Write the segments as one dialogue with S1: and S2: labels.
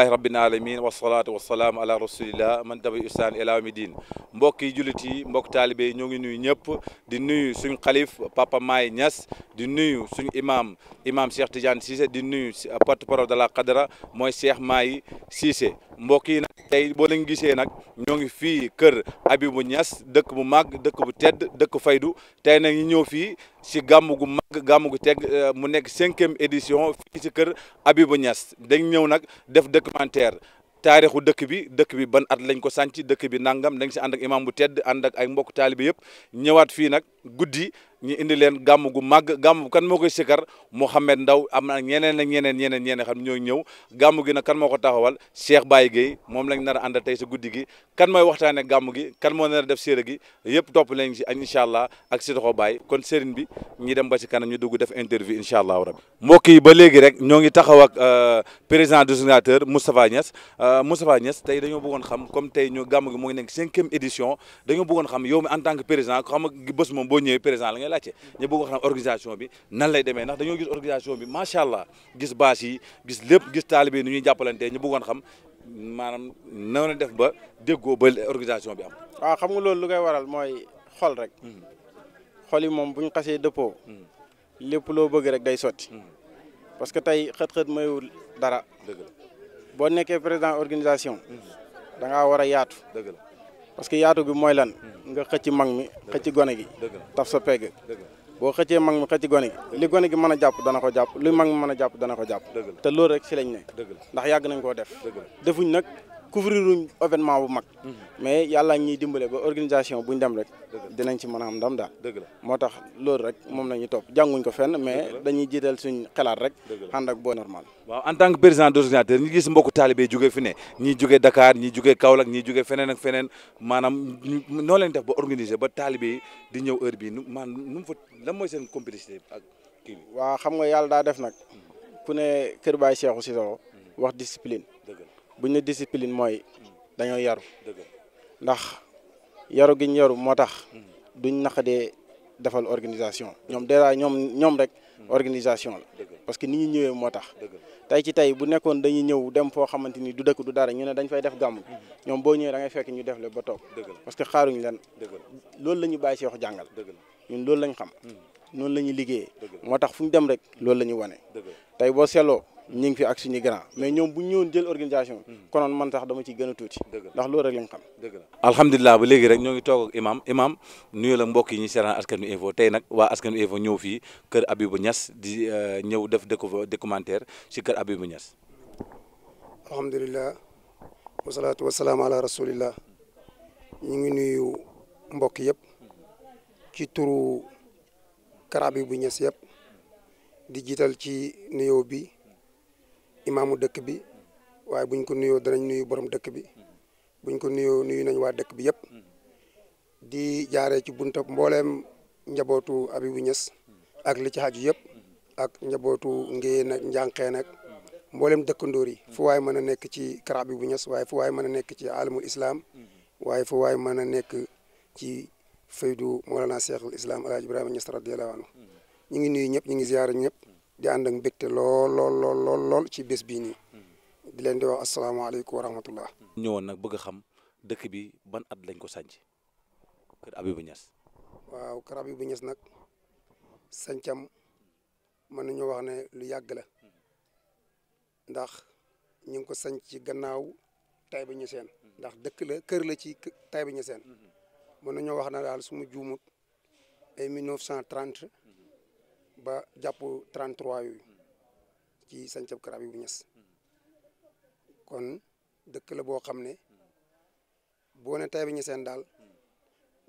S1: alhamdulilahi rabbil alamin wasalaatu wasalaam ala rasulillah man tabi mbokk yi jullit yi mbokk taalibe yi ñoo nuyu ñëpp di nuyu suñ xalif papa Maay Ñas di nuyu suñ imam imam Cheikh Tidiane Cissé di nuyu euh, porte-parole de la Qadra mooy Cheikh Maay Cissé mbokk yi nag tey boo leen gisee nag ñoo ngi fii kër Abibou Ñas dëkk bu mag dëkk bu tedd dëkk faydu tey nag ñu si gàmmu mag gàmmu gu teg euh, mu nekk cinquième édition fii si kër Abibou Niass dañ ñëw nag def dëkk documentaire taarixu dëkk bi dëkk bi ban at lañ ko sànc dëkk bi nangam dañ si ànd ak imam bu tedd ànd ak ay mbokk taalibe yëpp ñëwaat fii nag guddi ñu indi leen gàmm gu màgg gàmm kan moo koy sikkar Mouhamed Ndaw am na ñeneen ak ñeneen ñeneen ñeneen xam ñooy ñëw gàmm gi nag kan moo ko taxawal Cheikh baay Guèye moom lañ nar a àndal tey si guddi gi kan mooy waxtaan gàmm gi kan moo nar def séeré gi yëpp topp lañ si incha allah ak si doxo Baye kon sëriñ bi ñi dem ba si kanam ñu dugg def interview incha allah rabbi mbokk yi ba léegi rek ñoo ngi taxaw ak euh, président du sénateur Moustapha Niass euh, Moustapha Niass tey dañoo bëggoon xam comme laajte ñu bëgg xam organisation bi nan lay demee ndax dañoo gis organisation bi macha allah gis bâche yi gis lépp gis taalibe yi nu ñuy jàppalantee ñu bëggoon xam maanaam na na def ba déggoo ba organisation
S2: bi am. waaw xam nga loolu lu koy waral mooy xol rek. Hmm. xol yi moom buñ ñu xasee dëppoo. Hmm. lépp loo bëgg rek day sotti. Hmm. parce que tey xët-xët mayul dara. dëgg la boo nekkee président organisation. da ngaa yaatu. parce que yaatu gi mooy lan hmm. nga xëcc mag mi xëcc gone gi taf sa pegg boo xëccee mag mi xëcc gone gi li gone gi mën a jàpp dana ko jàpp li mag mën a jàpp dana ko jàpp te loolu rek si lañ ne ndax yàgg nañ koo def defuñ nag couvrir luñ événement bu mag. Mhm. mais yàlla ñuy dimbale ba organisation buñ dem rek. dinañ ci mën a am ndam daal. dëgg la moo tax loolu rek moom la ñuy topp jànguñ ko fenn mais dañuy jiital suñ xalaat rek. ànd ak boo normal.
S1: waaw en tant que président d'organisateur ñu gis mbokku taalibe jóge fi ne ñii jóge Dakar ñii jóge Kaolack ñii jóge feneen ak feneen maanaam noo leen def ba organiser ba taalibe yi di ñëw heure bii nu maanaam nu mu fa lan mooy seen
S2: complicité ak kii bi. waaw xam nga yàlla daa def nag ku ne Kër Baye Cheikhou Cissokho mhm. wax discipline. bu ñu ne discipline mooy dañoo yaru ndax yaru gi ñu yaru moo tax duñ naqadee defal organisation ñoom déjà ñoom ñoom rek organisation la parce que ni ñu ñëwee moo tax tey ci tey bu nekkoon dañuy ñëw dem foo xamante ni du dëkk du dara ñu ne dañ fay def gàmm ñoom boo ñëwee da ngay fekk ñu def le ba toog parce que xaaruñ leen loolu la ñu bàyyi si wax jàngal ñun loolu lañu xam mm. noonu la ñuy liggéeyee moo tax fu ñu dem rek loolu la wanee wane tey boo seetloo ñu ngi fi ak suñu grand mais ñoom bu ñu ñëwoon jël organisation bi hmm. konoon man sax dama ciy gën a tuuti ndax loolu rek lañ
S1: xam dëgg la ba léegi rek ñoo ngi toog ak imam imam nuyu la mbokk yi ñu seetaan askanu info tey nag waa askanu info ñëw fii kër Abibou ñas di euh, ñëw def documentaire si kër Abibou Niass
S3: alhamdulilah wasalaatu wasalaam ala rasulillah ñu ngi nuyu mbokk yëpp ci turu kër Abibou Niass yëpp di jiital ci nuyoo bi imaamu dëkk bi waaye buñ ko nuyoo danañ nuyu boroom dëkk bi buñ ko nuyoo nuyu nañ waa dëkk bi yëpp di jaaree ci bunta mbooleem njabootu Abibu Ñas ak li ci xaju yëpp ak njabootu ngéyee nag njànqee nag mboolem dëkkandoor yi fu mën a nekk ci kër Abibu Ñas waaye fu waay mën a nekk ci alamul islaam waaye fu waay mën a nekk ci faydu Mawlana Cheikhul Islam El Hadj Ibrahima Ñas radiyallahu anhu ñu ngi nuyu ñëpp ñu ngi ziyaara ñëpp di ànd ak mbégte lool lool lool ci bés bii nii hmm. di leen di wax asalaamaaleykum wa rahmatullah
S1: ñëwoon nag bëgg xam dëkk bi ban at lañ ko sànc kër Abibou Niass
S3: waaw kër Abibou Niass nag sañcam mën nañu wax ne lu yàgg la ndax ñu ngi ko sanc ci gannaaw Taïba Niassène hmm. ndax dëkk la kër la ci Taïba Niassène hmm. mën nañoo wax na daal suma ma juumut ay 1930 ba jàpp 33 yooyu ci sancab Karabi bu ñes kon dëkk la boo xam ne boo ne Taïba Niassène daal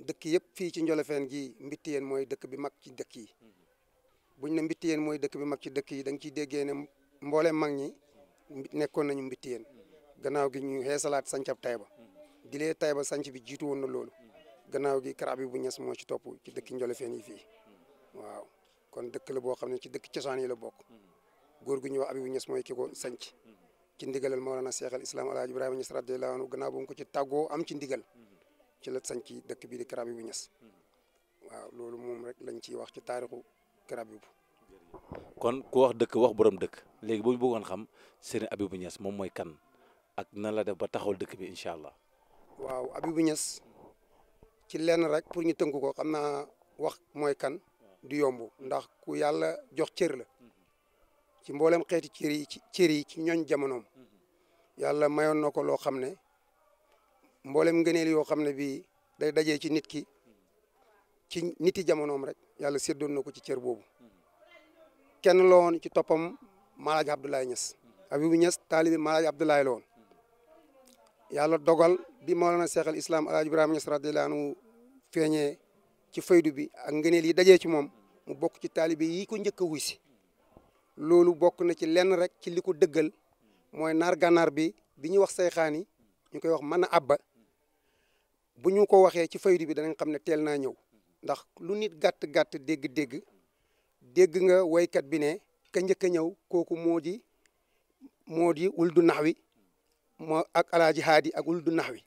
S3: dëkk yëpp fii ci Njolofeen gii Mbitteen mooy dëkk bi mag ci dëkk yi buñ ne Mbitteen mooy dëkk bi mag ci dëkk yi da ciy déggee ne mboole mag ñi nekkoon nañu Mbitteen gannaaw gi ñu xeesalaat sancab Taïba di lee sanc bi jiitu woon na loolu gannaaw gi Karabi bu ñes moo ci topp ci dëkk Njolofeen yi fii waaw kon dëkk la boo xam ne ci dëkk cosaan yi la bokk góor gu ñuy wax Abibu Ñas mooy ki ko sanc ci ndigalal Mawlana Cheikh al Islam Alhaji Ibrahima Ñas radiyallahu anhu gannaaw bu mu ko ci tàggoo am ci ndigal ci la sanc dëkk bii di Kër Abibu Ñas waaw loolu moom rek lañ ciy wax ci taarixu Kër Abibu
S1: kon ku wax dëkk wax boroom dëkk léegi bu ñu bëggoon xam sëriñ Abibu Ñas moom mooy kan ak nan la def ba taxawal dëkk bi incha allah
S3: waaw Abibu Ñas ci lenn rek pour ñu tënk ko xam naa wax mooy kan du yomb ndax ku yàlla jox cër la ci mboolem xeeti cër yi ci cër yi ci ñooñ jamonoom yàlla mayoon na ko loo xam ne mboolem ngëneel yoo xam ne bii day dajee ci nit ki ci niti jamonoom rek yàlla séddoon na ko ci cër boobu kenn la ci toppam Malaaj Abdoulaye Niass Habibou Niass taalibi Malaaj Abdoulaye la woon yàlla dogal bi Mawlana Seexal Islam Alaaji Ibrahima Niass radiyallaahu anhu feeñee ci faydu bi ak ngëneel yi dajee ci moom mu bokk ci taalibe yi ko njëkk a wuy loolu bokk na ci lenn rek ci li ko dëggal mooy naar gànnaar bi bi ñuy wax sayxaan yi ñu koy wax mën a abba bu ñu ko waxee ci faydu bi danañ xam ne teel naa ñëw ndax lu nit gàtt gàtt dégg-dégg dégg nga woykat bi ne ka njëkk a ñëw kooku moo di moo di wul nax wi moo ak alaaji haadi ak wul nax wi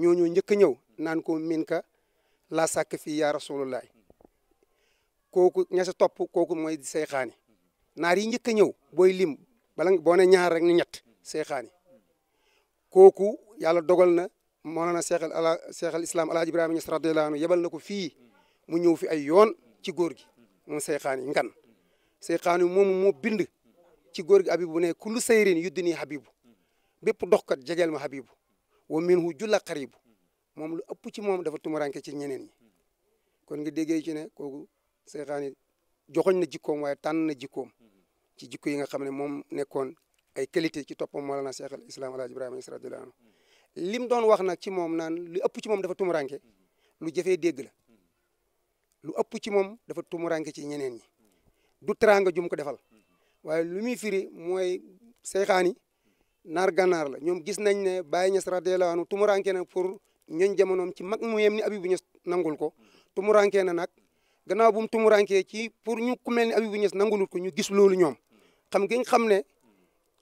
S3: ñooñu njëkk a ñëw naan ko min laa sàkk fii yaa rasulullahi kooku ña topp kooku mooy seyxaani naar yi njëkk a ñëw booy lim bala boo ne ñaar rek ni ñett seyxaani kooku yàlla dogal na moo na seexal ala seexal islam alaaji ibrahima ñas radiyallahu anhu na ko fii mu ñëw fi ay yoon ci góor gi moom seyxaani ngan seyxaani moom moo bind ci góor gi habibu ne kullu sayrin yuddini habibu bépp doxkat jegeel ma habibu wa minhu julla qaribu moom lu ëpp ci moom dafa tumuranke ci ñeneen ñi kon nga déggee ci ne kooku seexaani joxoñ na jikkoom waaye tànn na jikkoom ci jikko yi nga xam ne moom nekkoon ay qualité ci toppam Mawlana Cheikh al Islam Alhaji Ibrahima Niass radiyallahu anhu lim doon wax nag ci moom naan lu ëpp ci moom dafa tumuranke lu jafee dégg la ëpp ci moom dafa tumuranke ci ñeneen ñi du teraanga jum ko defal waaye muy firi mooy seexaani naar gànnaar la ñoom gis nañ ne Baye Niass radiyallahu anhu tumuranke na pour ñooñ jamonoom ci mag mu yem ni Abibou Niass nangul ko tumurankee na nag gannaaw bu mu ci pour ñu ku mel ni Abibou Niass nangulut ko ñu gis loolu ñoom xam nga xam ne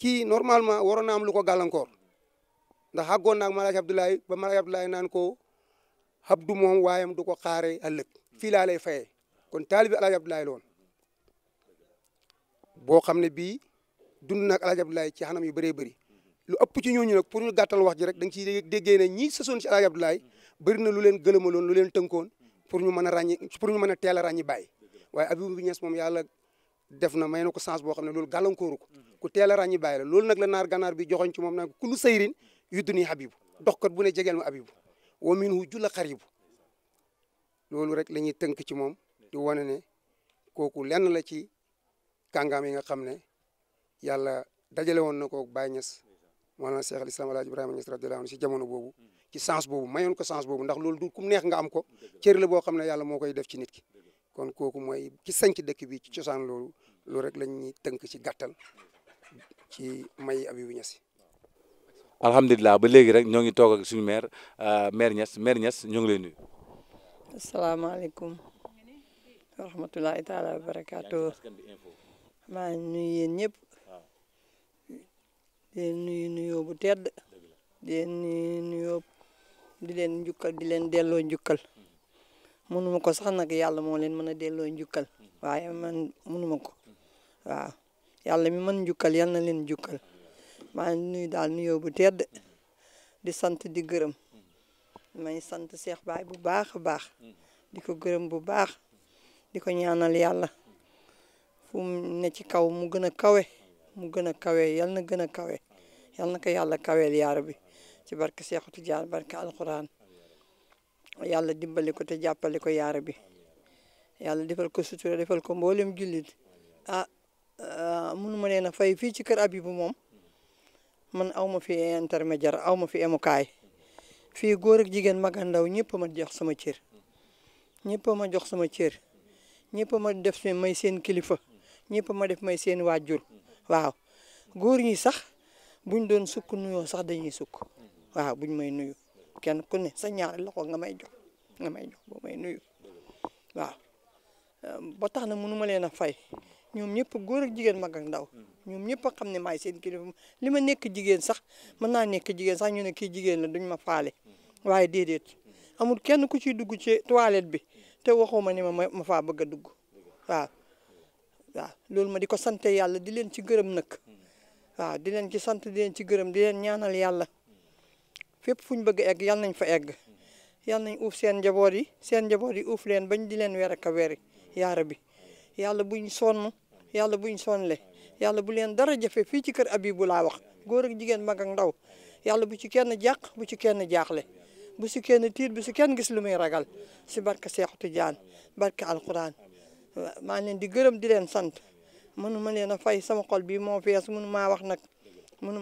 S3: kii normalement waroon na am lu ko gàllankoor ndax xàggoon naag Malaaj Abdoulaye ba Malaaj Abdoulaye naan ko Abdou moom waayam du ko xaaree ëllëg fii laa lay fayee kon taalibi Alaaj Abdoulaye loon boo xam ne bii dund naag Alaaj Abdoulaye ci xanam yu baree bari lu ëpp ci ñooñu nag pour ñu gàttal wax ji rek da nga ciy déggee ne ñi sësoon ci Alaaji Abdoulaye bëri na lu leen gëlëmaloon lu leen tënkoon pour ñu mën a ràññi pour ñu mën a teel a ràññi bàyyi waaye Abibou bi Ñas moom yàlla def na may na ko chance boo xam ne loolu gàllankooru ko ku teel a ràññi bàyyi la loolu nag la naar ganaar bi joxoñ ci moom nag ku lu sayrin yudduni habibu doxkat bu ne jegeel ma abibu wa minhu la xaribu loolu rek la ñuy tënk ci moom di wane ne kooku lenn la ci kàngaam yi nga xam ne yàlla dajale woon na ko Baay maanaam Cheikh al Islam Alaaji Ibrahima Niass radiyallahu anhu si jamono boobu ci sens boobu mayoon ko sens boobu ndax loolu du kum neex nga am ko cër la boo xam ne yàlla moo koy def ci nit ki kon kooku mooy ki sanc dëkk bi ci cosaan loolu loolu rek lañ ñuy tënk ci gàttal ci may Abibou
S1: Niass alhamdulilah ba léegi rek ñoo ngi toog ak suñu maire euh, maire Niass maire Niass ñoo ngi lay nuyu.
S4: asalaamaaleykum leen nuyu nuyoo bu tedd di leen nuyu nuyoo di leen njukkal di leen delloo njukkal mënuma ko sax nag yàlla moo leen mën a delloo njukkal waaye man mënuma ko waaw yàlla mi mën njukkal yal na leen njukkal maa ngi nuyu daal nuyoo bu tedd di sant di gërëm may sant Cheikh Baye bu baax baax di ko gërëm bu baax di ko ñaanal yàlla fu mu ci kaw mu gën a kawe mu gën a kawe yal na gën a kawe yal na ko yàlla kaweel yaara bi ci barke Seexu Tijaan barke alxuraan yàlla dimbali ko te jàppale ko yaara bi yàlla defal ko sutura defal ko mbooleem jullit ah, ah ma leen a fay fii ci kër Abibu moom man aw ma fi intermédiaire aw ma fi emukaay fii góor jigéen mag ak ñëpp ma jox sama cër ñëpp ma jox sama cër ñëpp ma def may seen kilifa ñëpp ma def may seen waajur waaw góor ñi sax. buñ doon sukk nuyoo sax dañuy sukk waaw buñ may nuyu kenn ku ne sa ñaari loxo nga may jox nga may jox boo may nuyu waaw ba tax na mënu leen a fay ñoom ñëpp góor jigéen ma ak ndaw ñoom ñëpp a xam ne maay seen kilifa li ma nekk jigéen sax mën naa nekk jigéen sax ñu ne kii jigéen la duñ ma faale waaye déedéet amul kenn ku ciy dugg ci toilette bi te waxuma ne ma ma faa bëgg a dugg waaw loolu ma di ko sante yàlla di leen ci gërëm nag waaw di leen ci sant dileen ci gërëm di leen ñaanal yàlla fépp fu bëgg egg yàlla nañ fa egg yàlla nañ uuf seen njaboot yi seen njaboot yi uuf leen bañ di leen weer ak a weeri yaara bi yàlla buñ sonn yàlla buñ sonle yàlla bu leen dara jafe fii ci kër Abibu laa wax góor ak jigéen mag ak ndaw yàlla bu ci kenn jàq bu ci kenn jaaxle bu si kenn tiir bu si kenn gis lu muy ragal si barka Seexu Tijaan barka alquran maa di gërëm di leen sant mënuma ma leena fay sama xol bi fess fees ma wax nag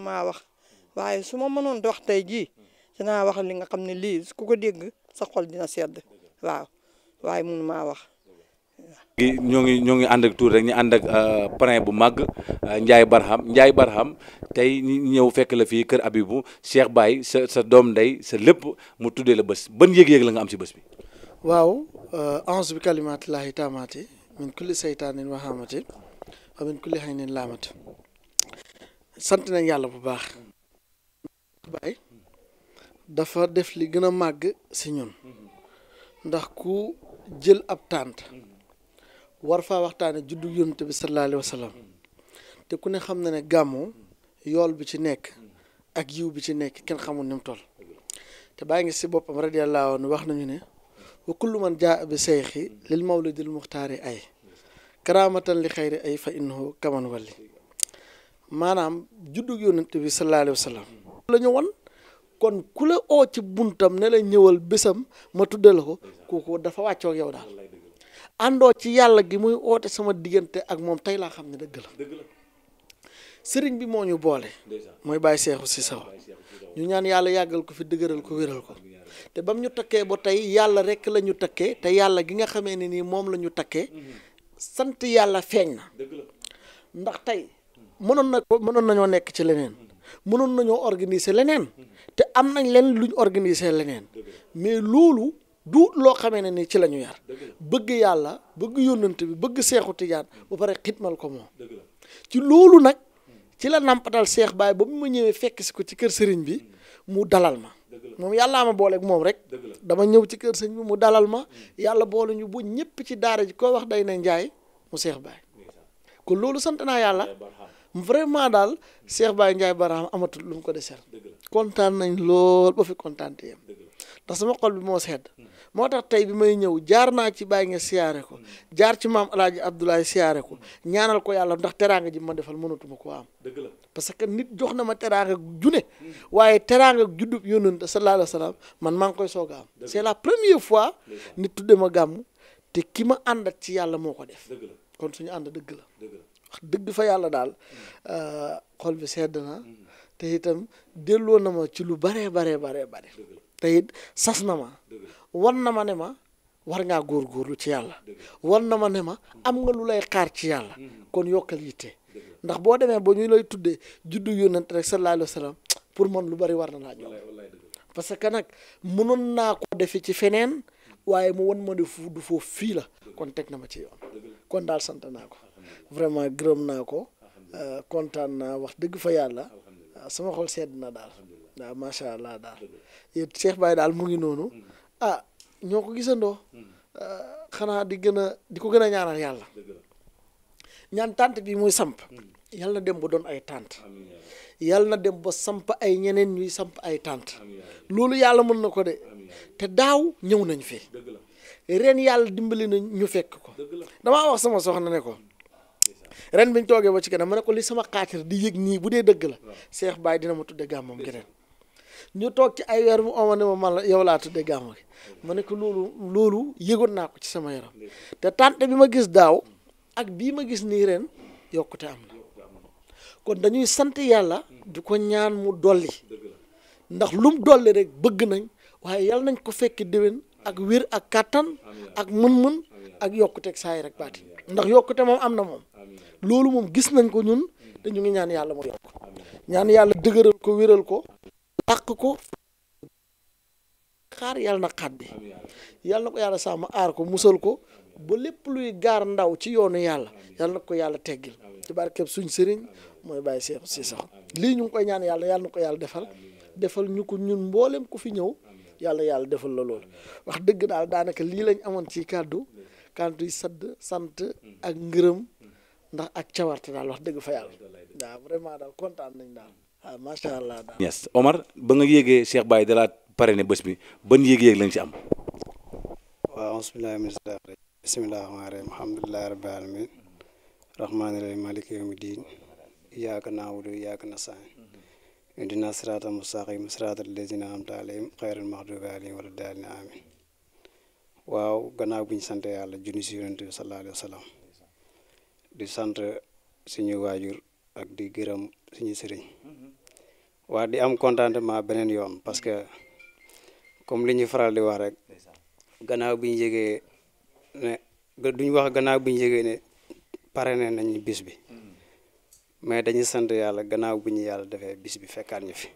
S4: ma wax waye suma ma mënoon dox tey jii dinaa wax li nga xamne li ku ko deg sa xol dina sedd waaw waaye ma wax.
S1: ngi ñoo ngi and ak tour rek ñi and ak euh, prince bu mag euh, ndjay Barham ndjay Barham tay ñew fekk la fi keur Abibu Cheikh bay sa sa ndey sa lepp mu tuddé la bëss ban yeg yeg la nga am ci bëss bi.
S5: waaw. Euh, auzu bi kalimaatillaahi taamaati min kulli saytaanin wahaamati wa min kulli aynin laamat sant nañ yàlla bu baax dafa def li gën a màgg si ñun ndax ku jël ab tànt war faa waxtaane juddu yonent bi sallallahu alayhi te ku ne xam na ne gàmmu yool bi ci nekk ak yiw bi ci nekk kenn xamul ni mu toll te baa ngi si boppam radiyallahu anhu wax nañu ne wa kullu man jaa bi seyxi lil mawlidil muxtaari ay karaamatan li xayri ay fa innahu kaman walli maanaam juddug yonent bi sallallahu alayhi wa sallam la ñu kon ku la oo ci buntam ne la ñëwal bésam ma tudde ko kooku dafa wàccoog yow daal àndoo ci yàlla gi muy oote sama diggante ak moom tey laa xam ne dëgg la sëriñ bi moo ñu boole mooy bàyyi seexu si saw ñu ñaan yàlla yàggal ko fi dëgëral ko wéral ko te bam ñu takkee ba tey yàlla rek la ñu takkee te yàlla gi nga xamee ne nii moom la ñu takkee mhm. sant yàlla feeñ na ndax tey mënoon na mënoon nañoo nekk ci leneen mm-hmm. mënoon nañoo organiser leneen mm-hmm. te am nañ leen luñ organiser leneen mais loolu du loo xamee ne ni ci la ñu yar bëgg yàlla bëgg yónnante bi bëgg seexu tijaan bu pare xitmal ko moom ci loolu nag ci la nampatal seex baay ba mu ma ñëwee fekk si ko ci kër sëriñ bi mm. mu dalal ma moom yàllaa ma booleeg moom rek dama ñëw ci kër sëñ bi mu dalal ma yàlla boole ñu bu ñëpp ci daara ji koo wax day na njaay mu Cheikh Baye kon loolu sant naa yàlla vraiment daal Cheikh Baye Ndiaye baraam amatul lu mu ko deseel kontaan nañ lool ba fi kontaan te ndax sama xol bi moo sedd moo tax tey bi may ñëw jaar naa ci Baye nga siyaare ko mm. jaar ci maam El Hadj Abdoulaye siyaare ko ñaanal ko yàlla ndax teraanga ji ma defal mënatuma koo am. parce que nit jox na ma teraanga june waaye teraanga juddub yonent sallallahu alayhi wa sallam man maa ngi koy soog a c'est la première fois nit tudde ma gàmmu te ki ma àndat ci yàlla moo ko def kon suñu ànd dëgg la dëgg fa yàlla daal hmm. euh, xol bi sedd na hmm. te itam delloo na ma ci lu baree baree baree bare te it sas na ma war na ma ne ma war ngaa góorlu ci yàlla war na ma ne ma am nga lu lay xaar ci yàlla hmm. kon yokkal yitte ndax boo demee ba ñu lay tuddee juddu yónnent rek sallallahu alayhi wa pour man lu bari war na laa ñoom parce que nag mënoon naa ko defe ci feneen waaye mu wan ma ne fu du foofu fii la kon teg na ma ci yoon kon daal sant naa ko vraiment gërëm naa ko euh, kontaan naa wax dëgg fa yàlla ah, sama xol sedd na daal waaw macha allah daal yéen Cheikh daal mu ngi noonu mm. ah ñoo ko gisandoo mm. euh, xanaa di gën a di ko gën a ñaaral yàlla ñaan tànt bii muy samp yal na dem ba doon ay tànt yal na dem ba samp ay ñeneen ñuy samp ay tànt loolu yàlla mën na ko de te daaw ñëw nañ fi ren yàlla dimbali nañ ñu fekk ko damaa wax sama soxna ne ko ren bi ñu toogee ba ci kanam ma ne ko li sama xaatir di yëg nii bu dee dëgg la Cheikh Baye dina ma tudde gàmmam gi ren ñu toog ci ay weer mu oma ne ma man la yow laa tudde gàmm gi ma ne ko loolu loolu yëgoon naa ko ci sama yaram te tànt bi ma gis daaw ak bii ma gis nii ren yokkute am na kon dañuy sant yàlla di ko ñaan mu dolli ndax lum dolli rek bëgg nañ waaye yàlla nañ ko fekk déwén ak wér ak kàttan ak mën-mën ak yokkute ak saay rek baati ndax yokkute moom am na moom loolu moom gis nañ ko ñun te ñu ngi ñaan yàlla mu yokk ñaan yàlla dëgëral ko wéral ko làq ko xaar yàlla na xat bi yàlla na ko yàlla sàmm aar ko musal ko ba lépp luy gaar ndaw ci yoonu yàlla yàlla na ko yàlla teggil ci barkeb suñ sëriñ mooy bàyyi seexu si sax lii ñu ngi koy ñaan yàlla yàlla na ko yàlla defal defal ñu ko ñun mboolem ku fi ñëw yàlla yàlla defal la loolu wax dëgg daal daanaka lii lañ amoon ci kàddu kàddu yi sadd sant ak ngërëm ndax ak cawarte daal wax dëgg fa yàlla waaw vraiment daal kontaan nañ daal waaw macha allah daal.
S1: yes Omar yéegee Cheikh Baye dalaa parrainé bés bi ban yéeg lañ ci am.
S6: bisimilah rahmaani rahiim alhamdulilahi rabbil alamin rahmaani rahiim maliki yawmi diin iyyaka na'budu wa iyyaka nasta'in ihdina siraatal mustaqiim siraatal lazina an'amta alayhim xayril maxduubi alayhim wala daalliin amin waaw gannaaw bi ñu sant yàlla junni si yonent bi sallallahu alayhi wa sallam di sant suñu waajur ak di gërëm suñu sëriñ waa di am contentement beneen yoon parce que comme li ñu faral di wax rek gannaaw bi ñu ne ñu wax gannaaw bi ñu yëgee ne pare ne nañ bis bi mais dañuy sant yàlla gannaaw bu ñu yàlla defee bis bi fekkaat ñu fi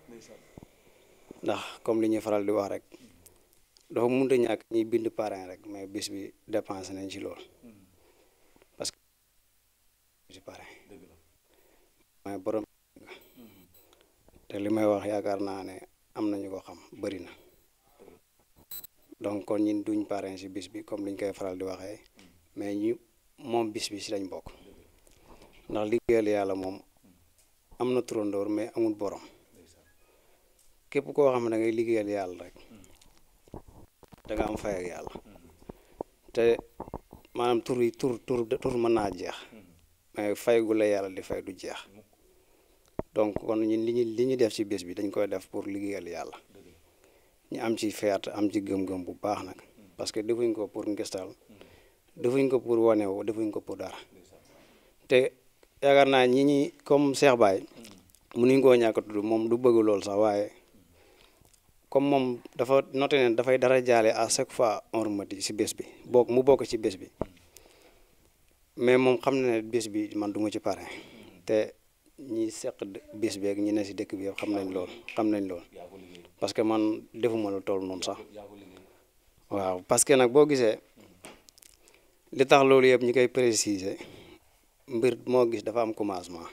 S6: ndax comme li ñuy faral di wax rek dafa mënut a ñàkk ñuy bind parrain rek mais bis bi dépensé nañ ci lool parce que ci mais borom te li may wax yaakaar naa ne am nañu ko xam bëri na donc kon ñun duñ parrain si bis bi comme liñ koy faral di waxé mais ñu mom bis bi ci lañ bok ndax liggéeyal yalla mom am na mais amul borom képp ko xam na ngay liggéeyal yalla rek da nga am fay ak yalla te manam tour yi tur tur tur mën naa jeex mais fay gu la yalla di fay du jeex donc kon ñun liñ liñ def si bis bi dañ koy def pour liggéeyal yàlla ñi am ci fierté am ci gëm-gëm bu baax nak parce que defuñ ko pour ngestal defuñ ko pour woné wo defuñ ko pour dara te yaakar na ñi ñi comme Cheikh Baye mënuñ ko ñak tudd mom du bëgg lool sax waye comme mom dafa noté da fay dara jalé à chaque fois remet si bés bi bok mu bok ci bés bi mais mom xam né ne bi man duma ci pare te ñi seq bés bi ak ñi né si dëkk bi xamnañ lool xamnañ lool parce que man defuma lu toll noonu sax waaw parce que nag boo gisee li tax loolu yëpp ñu koy préciser mbir moo gis dafa am commencement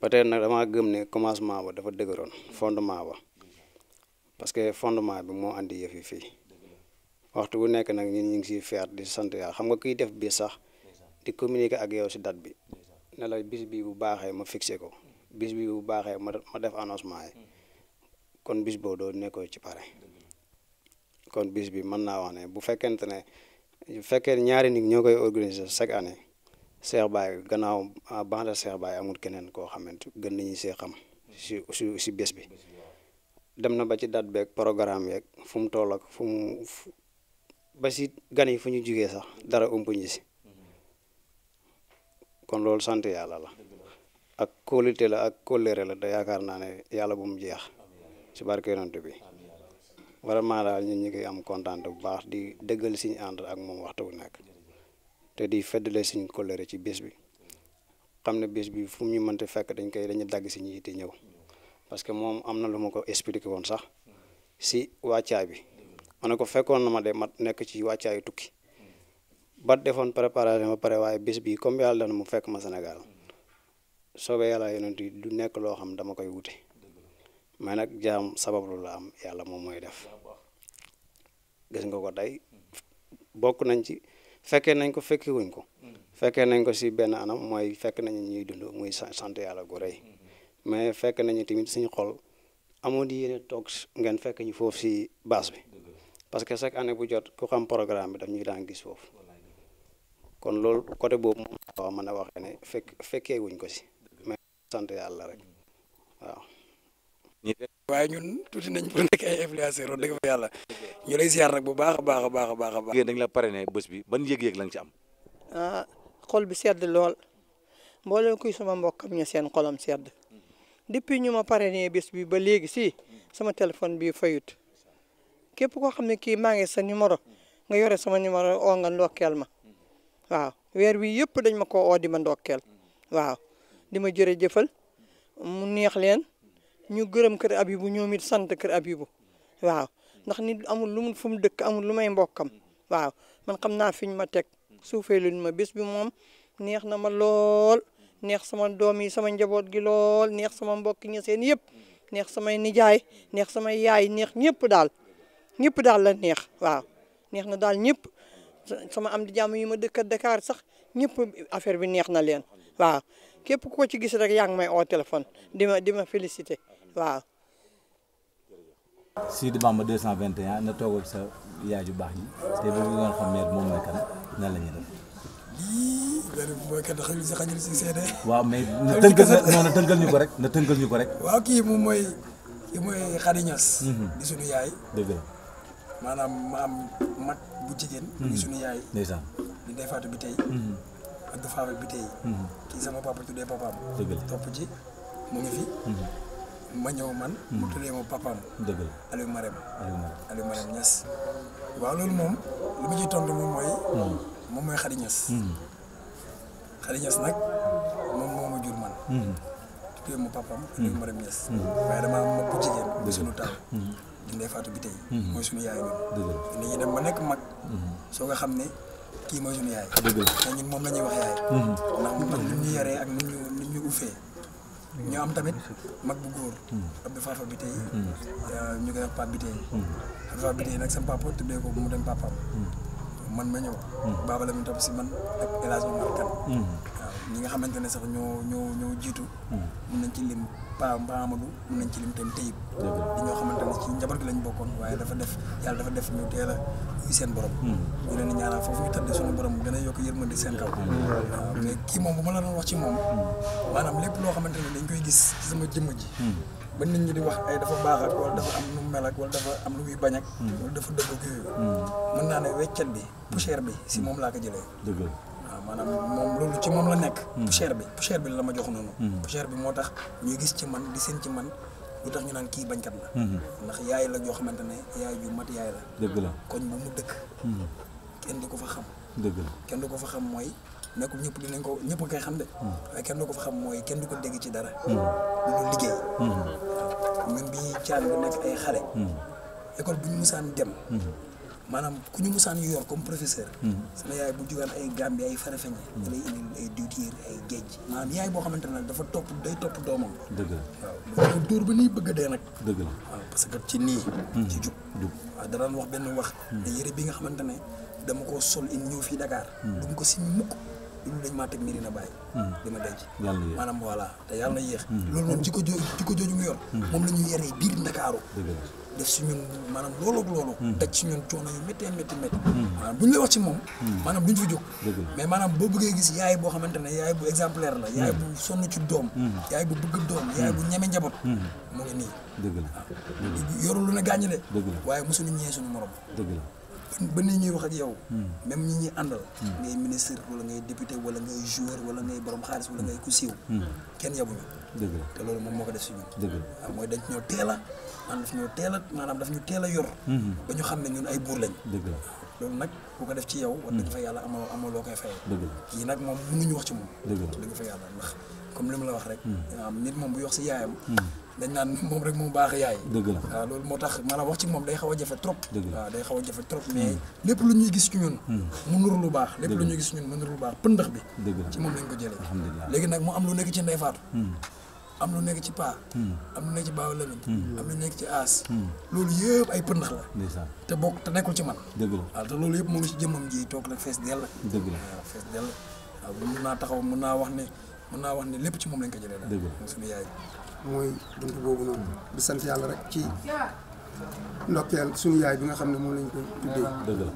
S6: peut-être nag damaa gëm ne commencement ba dafa dëgëroon fondement ba parce que fondement bi moo indi yëf yi fii waxtu wu nekk nag ñun ñu ngi siy feer di sant yàlla xam nga kiy def bis sax di communiquer ak yow si date bi ne la bis bi bu baaxee ma fixé ko bis bi bu baaxee ma def annoncement yi kon bis boobu doo nekkoo ci pare kon bis bi mën naa wax ne bu fekkente ne bu fekkee ñaari nit ñoo koy organiser chaque année Cheikh Baye gannaaw ah, banda Cheikh Baye amul keneen koo xamante gën nañu see xam si si bés bi dem na ba ci date beeg programme yeeg fu mu toll ak fu mu ba si fu ñu jugee sax dara ëmpuñu si kon loolu sant yàlla la ak kóolite la ak kóllëre la te yaakaar naa ne yàlla bu mu jeex ci barke yonent bi vraiment daal ñun ñu koy am kontaan bu baax di dëggal siñ ànd ak moom waxtu bu nekk te di feddale siñ colère ci bés bi xam ne bés bi fu ñu mënti fekk dañ koy dañu dagg si ñi te ñëw parce que moom am na lu ma ko expliqué woon sax si wàccaay bi ma ne ko fekkoon na ma de ma nekk ci wàccaayu tukki ba defoon préparation ba pare waaye bés bi comme yàlla dana mu fekk ma Sénégal soobee yàlla yonent yi du nekk loo xam dama koy wute nak jam sabab lu la am yalla mom moy def gis nga ko tey bokku nañ ci fekke nañ ko fekki wuñ ko fekke nañ ko si ben anam moy fekk nañ ñuy dund muy sante yalla gu reey mais fekk nañ timit suñu xol amoon di yéene toog ngeen fekk ñu fofu si base bi parce que chaque année bu jot ku xam programme bi daf ñuy daan gis fofu kon lool côté bobu mo waaw mën a waxee fekk fekke wuñ ko si mais sante yalla rek waaw waaye ñun tuuti nañ ba nekk ay influenceur wax dëgg fa yàlla ñu lay ziar nag bu
S1: baax a baax a baax a baax a baax. dañ la parrainé bés bi ban yëg-yëg la nga ci am.
S4: ah xol bi sedd lool mboolem kuy sama mbokkam ñu seen xolam sedd depuis ñu ma parrainé bés bi ba léegi si sama téléphone bi fayut képp koo xam ne kii maa ngi sa numéro nga yore sama numéro oo nga ndokkeel ma waaw weer wi yëpp dañ ma ko oo di ma ndokkeel waaw di ma jërëjëfal mu neex leen. ñu gërëm kër Abibu ñoom it sant kër Abibu waaw ndax nit amul lu mu fu mu dëkk amul lu may mbokkam waaw man xam naa fiñ ma teg suufee luñ ma bés bi moom neex na ma lool neex sama doom yi sama njaboot gi lool neex sama mbokk ña seen yëpp neex samay nijaay neex samay yaay neex ñëpp daal ñépp daal la neex waaw neex na daal ñëpp sama am di jàmm yi ma dëkk Dakar sax ñëpp affaire bi neex na leen waaw képp ko ci gis rek yaa ngi may o téléphone di ma di ma félicité waaw.
S1: Sidi Bamba ma na toog ak sa yaay ju baax yi te bu ñu xam ne moom mooy kan nan la ñuy def.
S7: mooy kat xajul si xajul si seede. waaw mais na tënkal non na tënkal ñu ko rek na tënkal ñu ko rek. waaw kii moom mooy kii mooy Khady Niass. Mhm. di sunu yaay. dëgg la maanaam maam mag bu jigéen. di mhm. sunu yaay. ndeysaan di Ndeye Fatou bi tey. Mhm. ak dafa am bi tey. kii sama papa tuddee topp ci mu ngi fi. ma ñëw man. mu hmm. tuddee ma papaam. dëgg la Aliou Marème. Aliou Marème Aliou Marème Niass. waaw loolu moom li ma ciy tontu moom mooy. Hmm. moom mooy hmm. Khady Niass. nag moom moo ma jur man. tuddee ma papaam. Aliou Marème Niass. waaye damaa am mbokku jigéen. dëgg la suñu taal. di bi tey. mooy suñu yaay ñun. dëgg la dem ba nekk mag. soo nga xam ne kii mooy suñu yaay. moom la wax yaay. ndax moom ak ni ñu yoree ak ni ñu ni ñoo am tamit mag bu góor. Abdou Fafa Biteye. Euh, ñu koy wax Pape Biteye. Abdou Fafa Biteye nag sama papa tuddee ko bu mu dem papaam. man ma ñëw. Baba la mu topp si man ak El Hadj Omar Kane. Mm-hmm. waaw ñi nga xamante ne sax ñoo ñoo ñoo jiitu. Mm-hmm. mun nañ ci lim. pa Pa Amadou mun nañ ci lim tamit tayib di ñoo xamante ne ci njaboot gi lañ bokkoon waaye dafa def yàlla dafa def ñu teel a seen borom hmm. ñu leen ñaanal foofu ñu tëdd suñu borom gën a yokk yërmande seen kaw hmm. waaw mais kii moom bu ma la doon wax ci moom hmm. maanaam lépp loo xamante ne dañ koy gis ci sama jëmm ji ba nit ñi di wax ay dafa baax ak wala dafa am lu mu mel ak wala dafa am lu muy bañ ak wala dafa dëgg ak yooyu mën naa ne weccet bi poussière bi si moom laa ko jëlee maanaam moom loolu ci moom la nekk. Hmm. poussière bi poussière bi la ma jox noonu. Hmm. poussière bi moo tax ñuy gis ci man di seen ci man lu tax ñu naan kii bañkat la. Hmm. ndax yaay la joo xamante ne yaay ju mat yaay la. dëgg la koñ bu mu dëkk. kenn du ko fa xam. dëgg la kenn du ko fa xam mooy nekkul ñëpp dinañ ko ñëpp a xam de. kenn du ko fa xam mooy kenn du ko dégg ci dara.
S1: du ñu
S7: liggéey. ñun bi caabi bi nekk ay xale. école bu ñu musaan dem. maanaam ku ñu musaan yu yor comme professeur hmm. sama yaay bu jugaan ay gambi ay farafeñe hmm. da lay indil ay diwtiir ay géej maanaam yaay boo xamante ne dafa topp day topp doomam dëgg la waaw dóor ba nii bëgg a dee nag dëgg la parce que ci nii
S1: hmm. ci jub jub
S7: dara daraan wax benn wax ne yëre bi nga xamante ne dama koo sol in ñëw fii Dakar du ko si mukk loolu dañ maa teg mbir na bàyyi. di ma denc. maanaam voilà te yàlla na yéex. loolu moom jikko jooju jikko jooju mu yor. moom la ñuy yaree biir Ndakaaru. def si ñun maanaam loolu ak loolu. daj hmm. si ñun coono yu méttee métti métti. Hmm. maanaam bu ñu la wax ci moom. Hmm. maanaam duñ fa jóg. mais maanaam boo bëggee gis yaay boo xamante ne yaay bu exemplaire la. yaay bu sonn ci doom. yaay bu bëgg doom yaay bu ñeme njaboot. mu ngi nii.
S1: dëgg lu ne gaañu de. dëgg la
S7: waaye mosuñu ñee suñu morom. dëgg ba ni ñuy wax ak yow. Hmm. même ñi ñuy àndal. Hmm. ngay ministre wala ngay député wala ngay joueur wala ngay borom xaalis wala ngay ku siiw. Hmm. kenn yabuñu. dëgg te loolu moom moo ko def si ñun. dëgg la ñoo teel a maanaam a maanaam daf ñu teel a yor. ba ñu xam ne ñun ay buur lañ. dëgg la loolu nag ku ko def ci yow. wax dëgg fa yàlla amoo amoo loo koy fay. dëgg la kii nag moom mënuñu wax ci moom. dëgg fa yàlla ndax. comme lim la wax rek. Hmm. waaw nit mom bu wax ci yaayam. Hmm. dañ nan mom rek mo bax yaay. dëgg la waaw loolu moo tax wax ci mom day xawa jafé trop. dëgg la day xawa jafé trop hmm. mais lepp lu ñuy gis ci ñun. mu nuru lu bax lepp lu ñuy gis ñun mu nuru lu bax pëndax bi. dëgg la ci mom lañ ko jëlé
S1: alhamdulilah léegi
S7: nag mu am lu nekk ci ndey Fatou. am lu nekk ci pa am lu nekk ci baaw lamin am lu nekk ci as lolou yépp ay pëndax la. te bok te nekkul ci man. dëgg la waaw te loolu yëpp mu ngi ci jëmmam ji tok nak fess del deug la fess del dell waaw taxaw mën naa wax ne mën naa wax ne lépp ci moom lañ ko jëlee daal. dëgg la suñu yaay mooy bunt boobu noonu. di sant yàlla rek ci
S3: ndokkeel suñu yaay bi nga xam ne moom lañ ko tuddee. dëgg la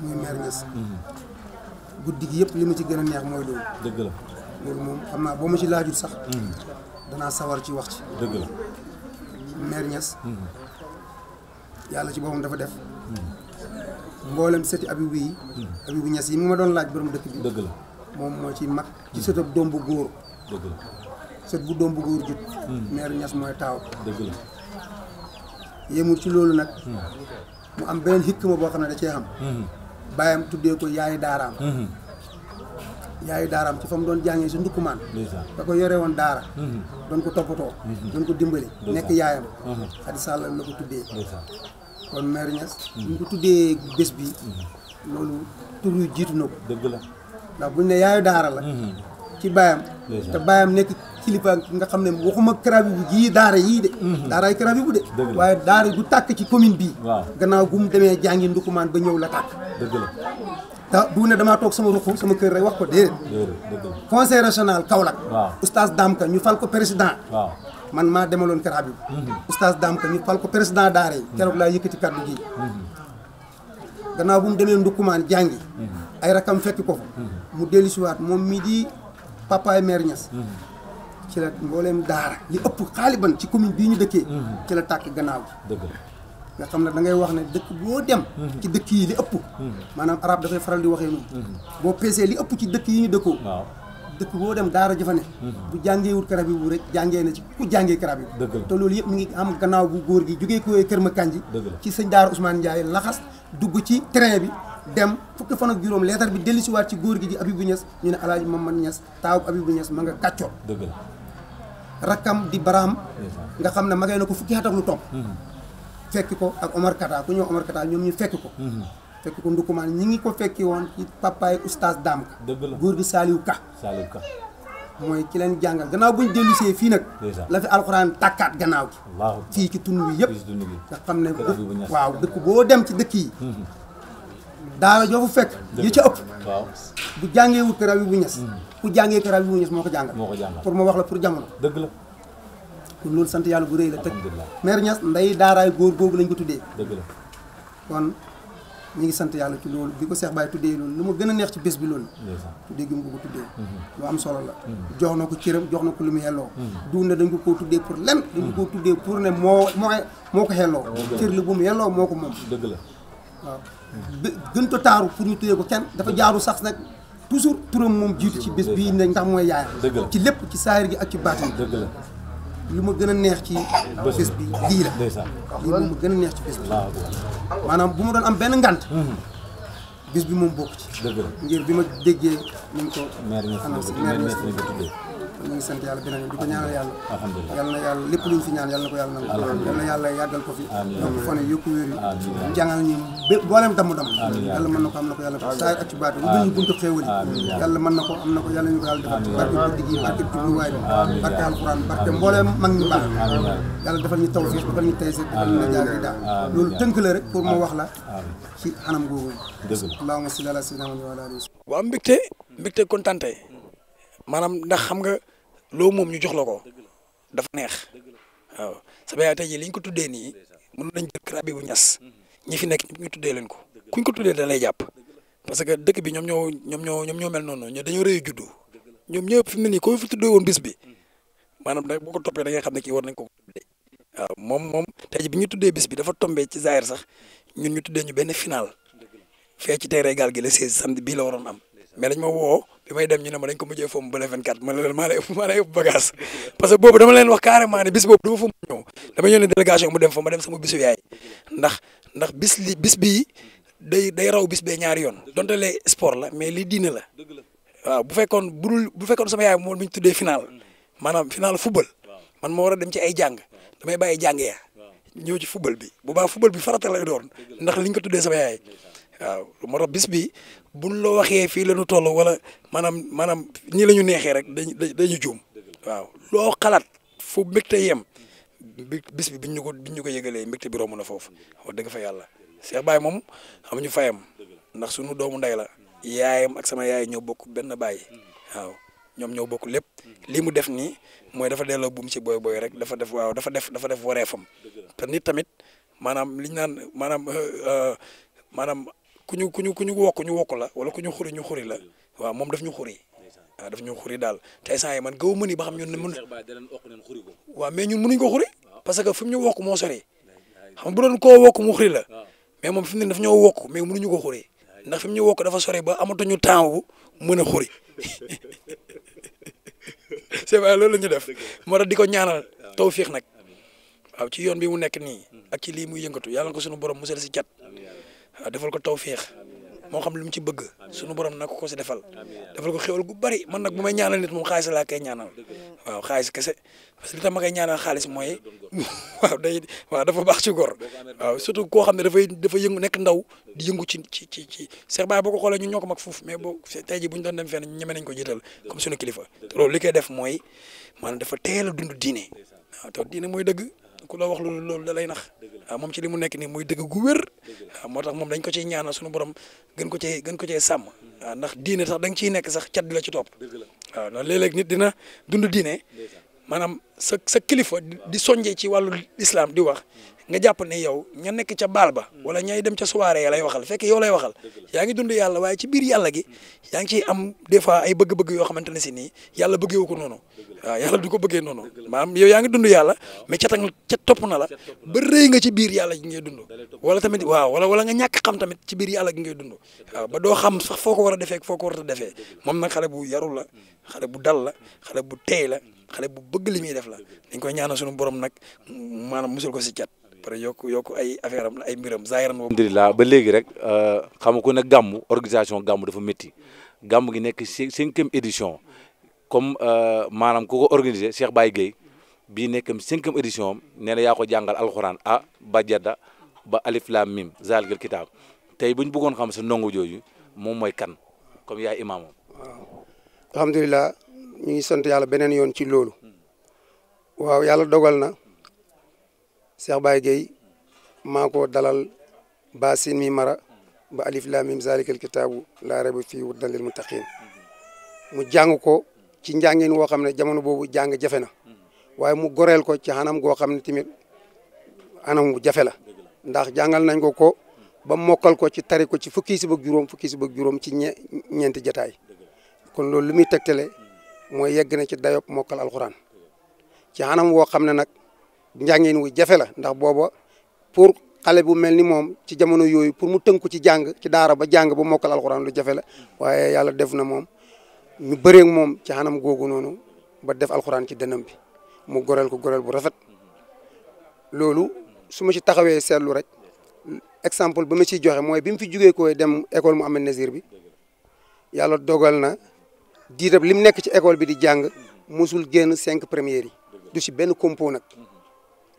S3: muy mhm. guddi gi yëpp li ma ci gën a neex mooy loolu. dëgg la loolu moom xam naa boo ma ci laajul sax. Mhm. danaa sawar ci wax ci. dëgg la mhm. yàlla ci boppam dafa def. mboolem seti Habibou yi. Habibou Niass yi mu ma doon laaj borom dëkk bi. dëgg la. moom moo ci mag ci sëtëb doom bu góor dëgg bu doom bu góor jut hmm. maire Niass mooy taaw dëgg ci loolu nag hmm. mu am beneen xikma boo xam ne da cee am hmm. bàyyam tuddee ko yaayu daaraam yaayu mu doon jàngee si ndukkumaan da ko yore woon daara doon ko toppatoo doon ko dimbali nekk yaayam Xadi Sall la ko tuddee kon maire Niass ñu ko tuddee bés bi loolu tur yu jiitu na dëgg la ndax buñ ne yaayu daara la mhm. ci baayam te baayam nekk kilifa nga xam ne waxuma karabi bu jii daara yii de mhm. daaraay karabi bu de waaye daara bu tàkk ci commune bii gannaaw gum demee jàngi ndukumaan ñëw la tàkk dëgg la bu ne damaa toog sama ruq sama kër rek wax ko
S1: déedéet
S3: conseil régional Kaolack oustaz ñu fal ko président man maa demaloon karabi bu mhm. oustaz Damka ñu ko président daara yi laa yëkkati kaddu gii gannaaw bu mu demee ndukumaan jàngi ay rakam fekk ko fa. mu wat mom mi di ay maire ñass ci la mbooleem daara li upp xaliban ci commune bi ñu dëkkee. ci la tak gannaaw gi. nga xam na da ngay wax ne dëkk bo dem. ci dëkk yi li upp manam arab fay faral di waxe noonu. bo peesee li upp ci dëkk yi ñu dëkkoo. dëkk bo dem daara jëfa ne bu jangé wut karabi bu rek jangé na ci ku jangé karabi to lool loolu mi ngi am gannaaw bu goor gi jógee ko kër ma kanji ci señ daara Ousmane Ndiaye laxas dugg ci train bi dem fukki fan ak juroom lettre bi dellusi wat ci goor gi di Abibou Niass ñu ne alaaji Mamadou Niass taawub Abibou Niass ma nga katcho di baram nga xamne ma ngay nako fukki hatak lu top mhm. fekk ko ak Omar Kata ku ñëw Omar Kata ñom ñu fekk ko mhm. fekk ko ndukumaan ñi ngi ko fekki won ci papaay oustaz jangan goor dëgg la gi Saliou Ka saliw Ka moy ki len jangal gannaaw buñ dellusee fi nak la fi alcorane takkat gannaaw ci tunu nga waaw dekk bo dem ci dekk yi mhm. daara joo fa fekk ñi ca ëpp bu jàngee wut karaw yi bu ñes ku jàngee karaw yi bu ñes moo ko jàngal pour ma wax la pour jamono dëgg la loolu sant yàlla bu rëy la teg mère Niass nday daaraay góor boobu lañ ko tuddee dëgg la kon ñu ngi sant yàlla ci loolu bi ko Seex Baay tuddee loolu lu ma gën a neex ci bés bi loolu tuddee gi mu ko tuddee mhm. lu am solo la mhm. jox na ko cëram jox na ko lu mu xelloo mhm. du ne dañ ko koo tuddee pour lenn dañ ko tuddee pour ne moo moo moo ko xelloo cër moo ko moom dëgg la gën ko taaru pour ñu téye ko kenn dafa jaaru sax nag toujours turam moom jiitu ci bés bii nañ ndax mooy yaayam ci lépp ci saahir gi ak ci baatin dëgg la lu ma gën a neex ci
S1: bés bi lii la
S3: lii moom ma gën a neex ci bés maanaam bu ma doon am benn ngant mhm. bés bi moom bokk ci ngir bi ma déggee ni ñu ko annoncé maire ñu ngi sant yàlla beneen di ko ñaanal yàlla yàlla na yàlla lépp luñ fi ñaan yàlla ko yàlla nangu yàlla na yàlla yàggal ko fi yokk fan yi yokk wér yi jàngal ñu mboolem damu dam yàlla mën na ko am na ko yàlla saa ci baatu bu ñu buntu xéewal yi yàlla mën na ko am na ko yàlla ñu ko yàlla defal ci barke guddi gi barke tubluwaay bi barke alquran barke
S7: mboolem mag ñu baax yàlla defal ñu tawfiq defal ñu taysir defal ñu jaar di daal loolu tënk la rek pour ma wax la ci anam googu allahumma salli ala sayyidina wa ala alihi wa mbégte mbégte kontante maanaam ndax xam nga loo moom ñu jox la ko dafa neex waaw sama yaay tey jii li ñu ko tuddee nii mën nañ jël kër bu ñas ñi fi nekk ñu tuddee leen ko kuñ ko tuddee da lay jàpp parce que dëkk bi ñoom ñoo ñoom ñoo ñoom ñoo mel noonu ñoo dañoo rëy judd ñoom ñëpp fi mu ne nii koo fi tuddee woon bis bi maanaam da boo ko toppee da ngay xam ne kii war nañ ko tuddee waaw moom moom tey jii bi ñu tuddee bis bi dafa tombee ci zaahir sax ñun ñu tuddee ñu benn final fee ci terrain gaal gi la 16 samedi bii la waroon am mais dañ ma wo bi may dem ñu ne ma dañ ko mujjé fofu ba 24 ma leen maa lay ma lay bagage parce que bobu dama leen wax carrément ni bis bobu du fu fa mu ñëw dama yónnee délégation mu dem fofu ma dem sama bisu yaay ndax ndax bis li bis bi day day raw bis bee ñaar yoon donte lé sport la mais li diiné la waaw bu fekkoon budul bu fekkon sama yaay mo mi tuddé final manam mm. final football man mo wara dem ci ay jang damay bàyyi jang ya ñëw ci football bi bu ba football bi farata lay doon ndax liñ ko tuddé sama yaay waaw moo tax bis bi buñ loo waxee fii la ñu toll wala maanaam maanaam ñi la ñu neexee rek dañu dañu juum waaw loo xalaat fu mbégte yem bi bis bi biñ ñu ko biñ ñu ko yëgalee mbégte bi romb na foofu wax dëgg fa yàlla Cheikh Baye moom xamuñu fayam ndax suñu doomu ndey la yaayam ak sama yaay ñoo bokk benn baay waaw ñoom ñoo bokk lépp lii mu def nii mooy dafa delloo buum ci booy booy rek dafa def waaw dafa def dafa def wareefam te nit tamit maanaam li ñu naan maanaam euh, euh, maanaam kuñu kuñu kuñu wo kuñu wo ko la wala kuñu xuri ñu xuri la wa mom daf ñu xuri ah, daf ñu xuri dal tay sa yi man gaw ma ni ba xam ñun mën wa mais ñun mënuñ ko xuri parce que fi ñu wo ko mo sori xam bu doon wo ko mu xuri la mais mom fi daf ñoo ko mais mënuñu ko xuri ndax fi ñu wo ko dafa sori ba amatu ñu wu mën a xuri c'est vrai lolu ñu def mo tax diko ñaanal tawfiix nak aw ci yoon bi mu nekk ni hmm. ak ci li mu yëngatu yalla ko suñu borom musal si cat defal ko tawféex moo xam lu mu ci bëgg suñu borom nag ko si defal defal ko xéwal gu bari man nag bu may ñaanal nit moom xaalis laa koy ñaanal waaw xaalis kese parce que li ma koy ñaanal xaalis mooy waaw day waaw dafa baax ci gor waaw surtout koo xam ne dafay dafa yëngu nekk ndaw di yëngu ci ci ci ci Cheikh Baye boo ko xoolee ñu ñoo ko mag foofu mais boo tey ji bu ñu doon dem fenn ñeme nañ ko jiital comme suñu kilifa loolu li koy def mooy maanaam dafa teel a dund diine waaw diine mooy dëgg ku la wax loolu da lay nax ah, moom ci li mu nekk nii muy dëgg gu wér ah, moo tax moom dañ ko ciy ñaana suñu borom gën ko cee gën ko cee sàmm waaw ah, ndax diine sax da nga ciy nekk sax cat di la ci topp waaw ndax léeg-léeg nit dina dund diine maanaam sa sa kilifa di soñjee ci wàllu islam di wax nga japp ne yow ña nek ci ba mm. wala ñay dem ca soirée ya lay waxal fekk yow lay waxal yaangi dund yalla waye ci bir yalla gi mm. yaangi ci am des fois ay bëgg-bëgg yo xamanteni ya ni yalla bëgge bëggeewu ko noonu duko yàlla du ko bëggee noonu yow yaangi dund yalla mais ci tang ci top na la ba reey nga ci bir yalla gi ngay dund wala tamit waaw wala wala nga ñak xam tamit ci bir yalla gi ngay dund waaw ba do xam sax foko wara defé foko wara defé mom nak xalé bu yaru la mm. xalé bu dal la xalé bu tey la xalé bu bëgg limi def la dañ koy ñaanal suñu borom nak manam musul ko ci cat pare yokk yokk ay affaire am ay mbiram zaayaram. alhamdulilah
S1: ba léegi rek euh, xam ko ne gàmm organisation gàmm dafa métti gàmm gi nekk si cinquième édition comme euh, maanaam ku ko organisé Cheikh Baye Guèye bii nekk cinquième édition am nee na yaa ko jàngal alxuraan a ba jadda ba alif laam mim zaalikal kitaab tey bu ñu bëggoon xam sa ndongo jooju moom mooy kan comme yaay imaamam.
S3: waaw ñu ngi sant yàlla beneen yoon ci loolu. waaw yàlla dogal na. Cheikh Baye Gueye maa ko dalal ba sin mi mara ba alif lam mim zalikal kitaabu laa rayba fii hudan lil muttaqin mu jàng ko ci njàngin woo xam ne jamono boobu jàng jafe na waaye mu goreel ko ci anam goo xam ne tamit anam wu jafe la ndax jàngal nañ ko ko ba mokkal ko ci tari ko ci fukki si bëgg juróom fukki si bëgg juróom ci ñe ñeenti jataay kon loolu lu muy tegtale mooy yegg na ci dayob mokkal alxuraan ci anam woo xam ne nag njàngeen wu jafe la ndax booba pour xale bu mel ni moom ci jamono yooyu pour mu tënku ci jàng ci daara ba jàng ba mokkal alxuraan lu jafe la waaye yàlla def na moom ñu bëree moom ci xanam googu noonu ba def alxuraan ci dënam bi mu goreel ko goreel bu rafet loolu su ma ci taxawee seetlu rek exemple ba ma ciy joxe mooy bi mu fi jugee koy dem école mu amee Nazir bi yàlla dogal na diitab li mu nekk ci école bi di jàng mosul génn cinq premières yi du ci benn compo nag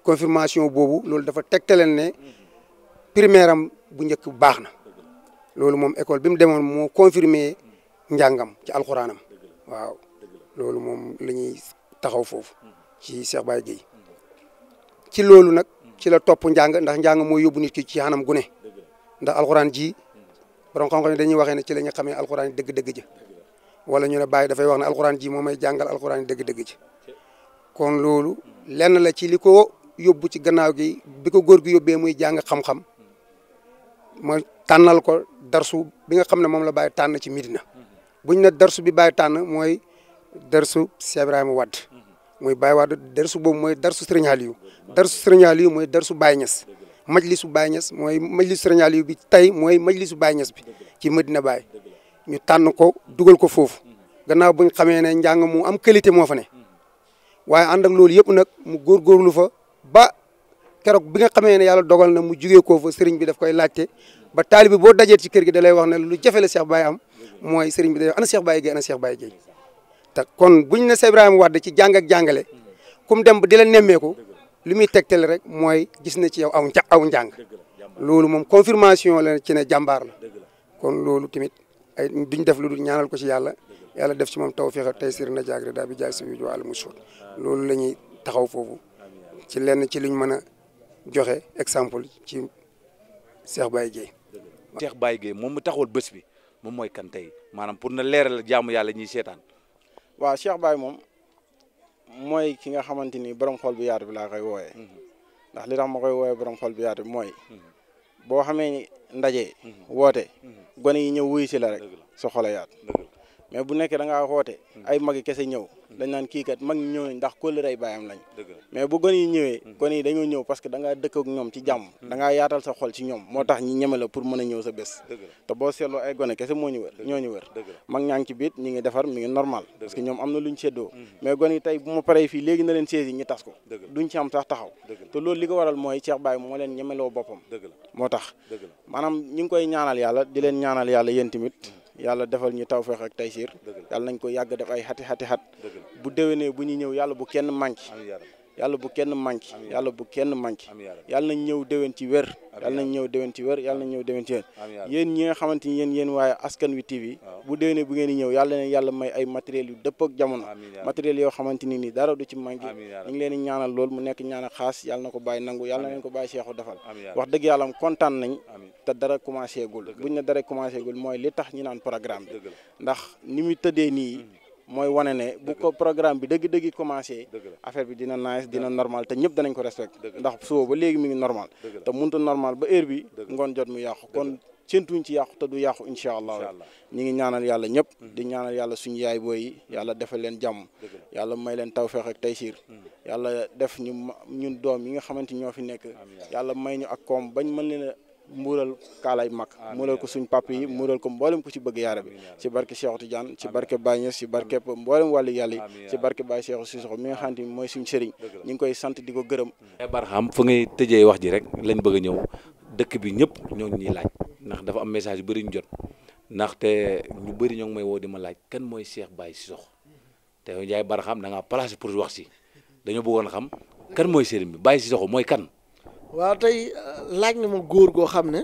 S3: confirmation boobu loolu dafa tegtaleen ne primaire am bu njëkk bu baax na loolu moom école bi mu demoon moo confirmer njàngam ci alxuraanam waaw loolu moom la ñuy taxaw foofu ci Cheikh Baye Guèye ci loolu nag ci la topp njàng ndax njàng mooy yóbbu nit ci xanam gune ne ndax alxuraan ji borom xam-xam dañuy waxee ne ci la ñu xamee alxuraan yi dëgg-dëgg ji wala ñu ne Baye dafay wax ne alxuraan ji moom may jàngal alxuraan yi dëgg-dëgg ji kon loolu lenn la ci li ko yóbbu ci gannaaw gi bi ko góor gi yóbbee muy jàng xam-xam ma tànnal ko darsu bi nga xam ne moom la bàyyi tànn ci Medina buñ ne darsu bi bàyyi tànn mooy darsu Cheikh Ibrahima Wade mooy Baye Wade darsu boobu mooy darsu Serigne Aliou darsu Serigne mooy darsu Baye Niass majlisu Baye Niass mooy majlisu Serigne Aliou bi tey mooy majlisu Baye bi ci Medina Baye ñu tànn ko dugal ko foofu gannaaw buñ xamee ne njàng mu am qualité moo fa ne waaye ànd ak loolu yëpp nag mu góorgóorlu fa ba keroog bi nga xamee ne yàlla dogal na mu jugee koo fa sëriñ bi daf koy laajte ba taalibi boo dajee ci kër gi dalay wax ne lu jafe la Cheikh Baye am mooy sëriñ bi day ana Cheikh Baye Gueye ana Cheikh Baye Gueye te kon buñ ne Cheikh Ibrahima Wade ci jàng jàngale kum dem ba di la nemmeeku li muy tegtal rek mooy gis na ci yow aw nja aw njàng loolu moom confirmation la ci ne jàmbaar la kon loolu tamit ay duñ def lu dul ñaanal ko ci yàlla yàlla def ci moom tawfiq ak taysir na jaagri daal bi jaay si wu ñu wàllum loolu la ñuy taxaw foofu. ci lenn ci liñ mën a joxe exemple ci Cheikh baay Guèye.
S1: Cheikh Baye Guèye moom mu taxawal bés bi moom mooy kan tey maanaam pour na leeral jaamu yàlla ñuy seetaan.
S2: waa Cheikh baay moom mooy ki nga xamante ni borom xol bi yaatu bi laa koy wooye mhm. ndax li tax ma koy wooyee borom xol bu yaatu bi mooy. Mhm. boo xamee ndaje. Mhm. woote. gone yi ñëw wuyu si la rek. sa xol yaat mais bu nekkee da ngaa ay magi kese ñëw. dañ naan kii kat mag ñi ñëw ndax kóllëre ay baayam lañ mais bu gone ñëwee mm. gone yi dañoo ñëw parce que da ngaa dëkk ak ñoom ci jàmm mm. da ngaa yaatal sa xol ci ñoom moo tax ñi ñeme la pour mën a ñëw sa bés te boo seetloo ay gone kese moo ñu wër ñoo ñu mag ñaa ngi ci biit ñi ngi defar mi ngi normal parce que ñoom am na lu ñu séddoo mm. mais gone tey bu ma fi fii na leen saisi ñi tas ko duñ ci am sax taxaw te lool li ko waral mooy Cheikh Baye moo leen ñemeloo boppam moo tax maanaam ñi ngi koy ñaanal yàlla di leen ñaanal yàlla yéen tamit yàlla defal ñu tawfeex ak taysiir yàlla nañ ko yàgg def ay xati xati xat bu déwénee bu ñu ñëw yàlla bu kenn manqué yàlla bu kenn manqué yàlla bu kenn manqué yàlla nañ ñëw déwén ci wér yàlla nañ ñëw déwén ci wér yàlla nañ ñëw déwén ci wér yéen ñi nga xamante ni yéen yéen waaye askan wi TV bu déwénee bu ngeen di ñëw yàlla na yàlla may ay matériel yu dëpp ak jamono matériel yoo xamante ni nii dara du ci manqué ñu ngi leen di ñaanal lool mu nekk ñaanal xaas yàlla na ko bàyyi nangu yàlla na leen ko bàyyi seexu defal wax dëgg yàlla am kontaan nañ te dara commencé gul buñ ne naan programme bi ndax mooy wane ne bu ko programme bi dëgg-dëgg commencé affaire bi dina nice dina normal te ñëpp danañ ko respect ndax suba ba léegi mi ngi normal te mënut a normal ba heure bi ngoon jot mu yàqu kon séentuñ ci yàqu te du yàqu incha allah ñi ngi ñaanal yàlla ñëpp mm-hmm. di ñaanal yàlla suñu yaay booy mm-hmm. yàlla defal leen jàmm yàlla may leen tawfeex ak taysiir mm-hmm. yàlla def ñu doom yi nga xamante ñoo fi nekk yàlla may ñu ak koom bañ mën leen muural kaalay mag muural ko suñ papa yi muural ko mboolem ku ci bëgg yaara bi ci barke Cheikh Tidiane ci barke Baye Niass ci barke mboolem wàllu yàlla yi barke Baye Cheikh Sissoko mi nga ngi koy sant di eh,
S1: wax ji rek lañ bëgg a ñëw bi ñëpp ñoo ñuy laaj ndax dafa am message bari bëri ndax te ñu bëri ñoo ngi may woo di ma laaj kan mooy Cheikh si Sissoko te yaay Barham da ngaa placé pour wax si dañoo bëggoon xam kan mooy sëriñ bi si Sissoko mooy kan
S5: waaw tey euh, laaj na ma góor goo xam ne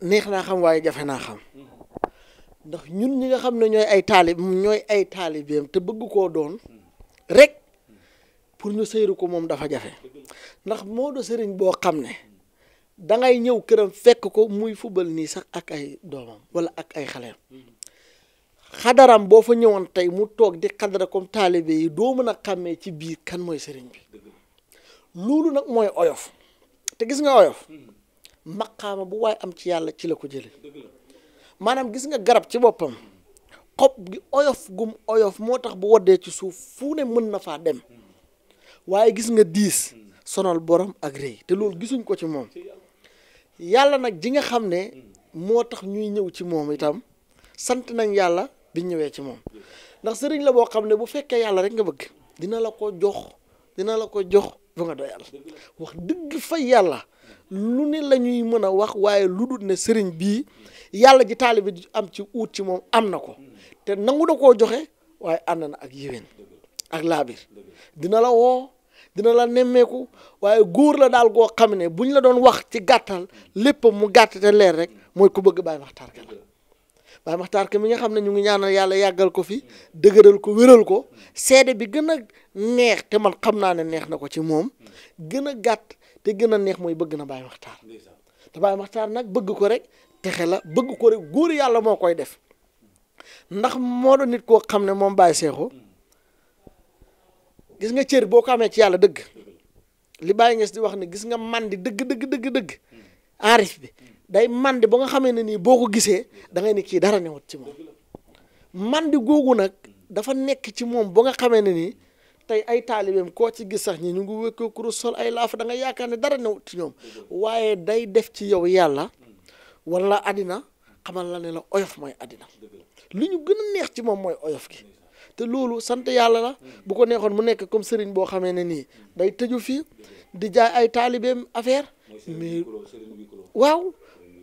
S5: neex naa xam waaye jafe naa xam ndax ñun ñi nga xam ne ñooy ay taalib ñooy ay taalibeem te bëgg koo doon rek pour ñu sëyru ko moom dafa jafe ndax Maodo sëriñ boo xam ne da ngay ñëw këram fekk ko muy fubal nii sax ak ay doomam wala ak ay xaleem xadaram boo fa ñëwoon tey mu toog di xadara comme taalibe yi doo mën a xàmmee ci biir kan mooy sëriñ bi loolu nag mooy oyof te gis nga oyof maqaama bu waaye am ci yàlla ci la ko jële maanaam gis nga garab ci boppam xob gi oyof gum oyof moo tax bu waddee ci suuf fu ne mën na faa dem waaye gis nga diis sonal borom ak rëy te loolu gisuñ ko ci moom yàlla nag ji nga xam ne moo tax ñuy ñëw ci moom itam sant nañ yàlla bi ñëwee ci moom ndax sëriñ la boo xam ne bu fekkee yàlla rek nga bëgg dina la ko jox dina la ko jox bu nga doyal wax dëgg fa yàlla lu ne la ñuy mën a wax waaye lu dul ne sëriñ bii yàlla ji taalibi ji am ci uut ci moom am na ko te nangu da koo joxe waaye ànd na ak yéwén ak laabir dina la woo dina la nemmeeku waaye góor la daal goo xam ne bu ñu la doon wax ci gàttal lépp mu gàtt te leer rek mooy ku bëgg baay waxtaan la waaye maxtaar ka mi nga xam ne ñu ngi ñaanal yàlla yàggal ko fi dëgëral ko wéral ko seede bi gën a neex te man xam naa ne neex na ko ci moom gën a gàtt te gën a neex mooy bëgg na Baye Maxtaar te Baye Maxtaar nag bëgg ko rek texe la bëgg ko rek góor yàlla moo koy def ndax moo doon nit koo xam ne moom Baye Seexu gis nga cër boo ko amee ci yàlla dëgg li Baye Nges di wax ne gis nga man di dëgg dëgg dëgg dëgg aarif bi day mandi ba nga xamee ne nii boo ko gisee da ngay ne kii dara newut ci moom mandi googu nag dafa nekk ci moom ba nga xamee ne nii tey ay taalibeem koo ci gis sax ñi ñu ngi wékkoo kuru sol ay laaf da nga yaakaar ne dara newut ci ñoom waaye day def ci yow yàlla wala àddina xamal la ne la oyof mooy àddina li ñu gën a neex ci moom mooy oyof gi te loolu sant yàlla la bu ko neexoon mu nekk comme sëriñ boo xamee ne nii day tëju fii di jaay ay taalibeem affaire mais waaw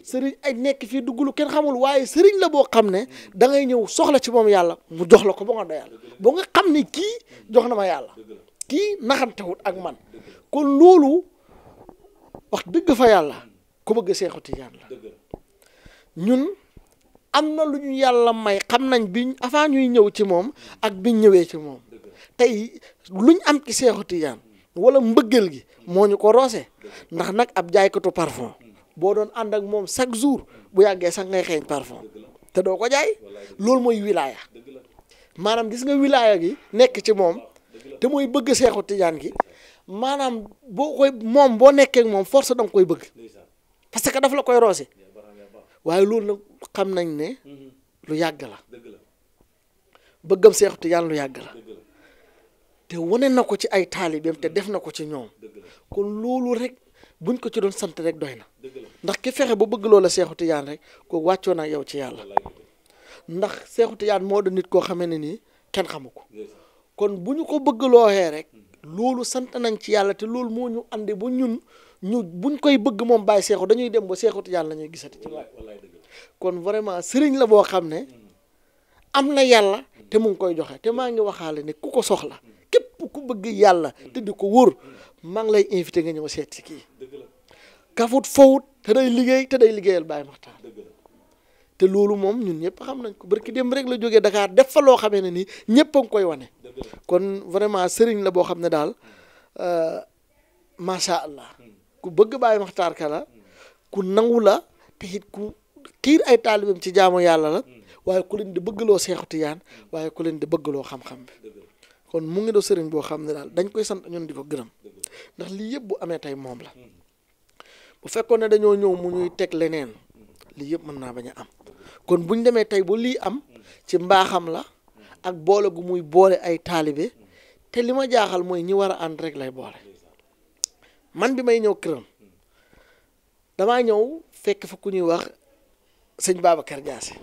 S5: sëriñ ay nekk fii dugg lu kenn xamul waaye sëriñ la boo xam ne hmm. dangay ñëw soxla ci moom yàlla mu jox la ko ba nga doyal ba nga xam ne kii hmm. jox na ma yàlla kii naxantewut ak man kon loolu wax dëgg fa yàlla ku bëgg Seexu Tijaan la ñun am na lu ñu yàlla may xam nañ bi avant ñuy ñëw ci moom ak biñ ñëwee ci moom tey luñ am ci Seexu Tijaan wala mbëggeel gi moo ñu ko roose ndax nag ab jaaykatu parfum boo doon ànd ak moom chaque jour bu yàggee sax ngay xeeñ parfum te doo ko jaay lool mooy wilaya maanaam gis nga wilaya gi nekk ci moom te mooy bëgg seexu tijaan gi maanaam boo koy moom boo nekkee moom force danga koy bëgg parce que daf la koy roose waaye loolu nag xam nañ ne lu yàgg la bëggam seexu tijaan lu yàgg la te wane na ko ci ay taalibeem te def na ko ci ñoom kon loolu rek buñ ko ci doon sant rek doy na ndax ki fexe ba bëgg loola Seexu Tijaan rek ko wàccoo na yow ci yàlla ndax Seexu moo doon nit koo xamee ne nii kenn xamu ko kon bu ñu ko bëgg looxee rek loolu sant nañ ci yàlla te loolu moo ñu andi ba ñun ñu buñ koy bëgg moom bàyyi seexu dañuy dem ba Seexu Tijaan la ñuy gisati ci kon vraiment sëriñ la boo xam ne mm. am na yàlla te mu ngi koy joxe te mm. maa ngi waxaale ne ku ko soxla ku bëgg yàlla te di ko wóor maa lay invité nga ñëw seet si kii kafut fowut te day liggéey te day liggéeyal Baye Makhtar te loolu moom ñun ñëpp xam nañ ko barki dem rek la jógee Dakar def fa loo xamee ne nii ñëpp a koy wane kon vraiment sëriñ la boo xam ne daal euh, macha allah ku bëgg Baye Makhtar Ka la ku nangu la te it ku xiir ay taalibam ci jaamu yàlla la mm. waaye ku leen di bëggloo Seexu Tijaan waaye ku leen di bëggloo xam-xam bi kon mu ngi do sëriñ boo xam ne daal dañ koy sant ñun di ko gërëm ndax lii yëpp bu amee tey moom la bu fekkoon ne dañoo ñëw mu ñuy teg leneen lii yëpp mën naa bañ a am kon bu ñu demee tey ba lii am ci mbaaxam la ak boole gu muy boole ay taalibe te li ma jaaxal mooy ñi war a ànd rek lay boole man bi may ñëw këram damaa ñëw fekk fa ku ñuy wax sëñ Babacar Diassé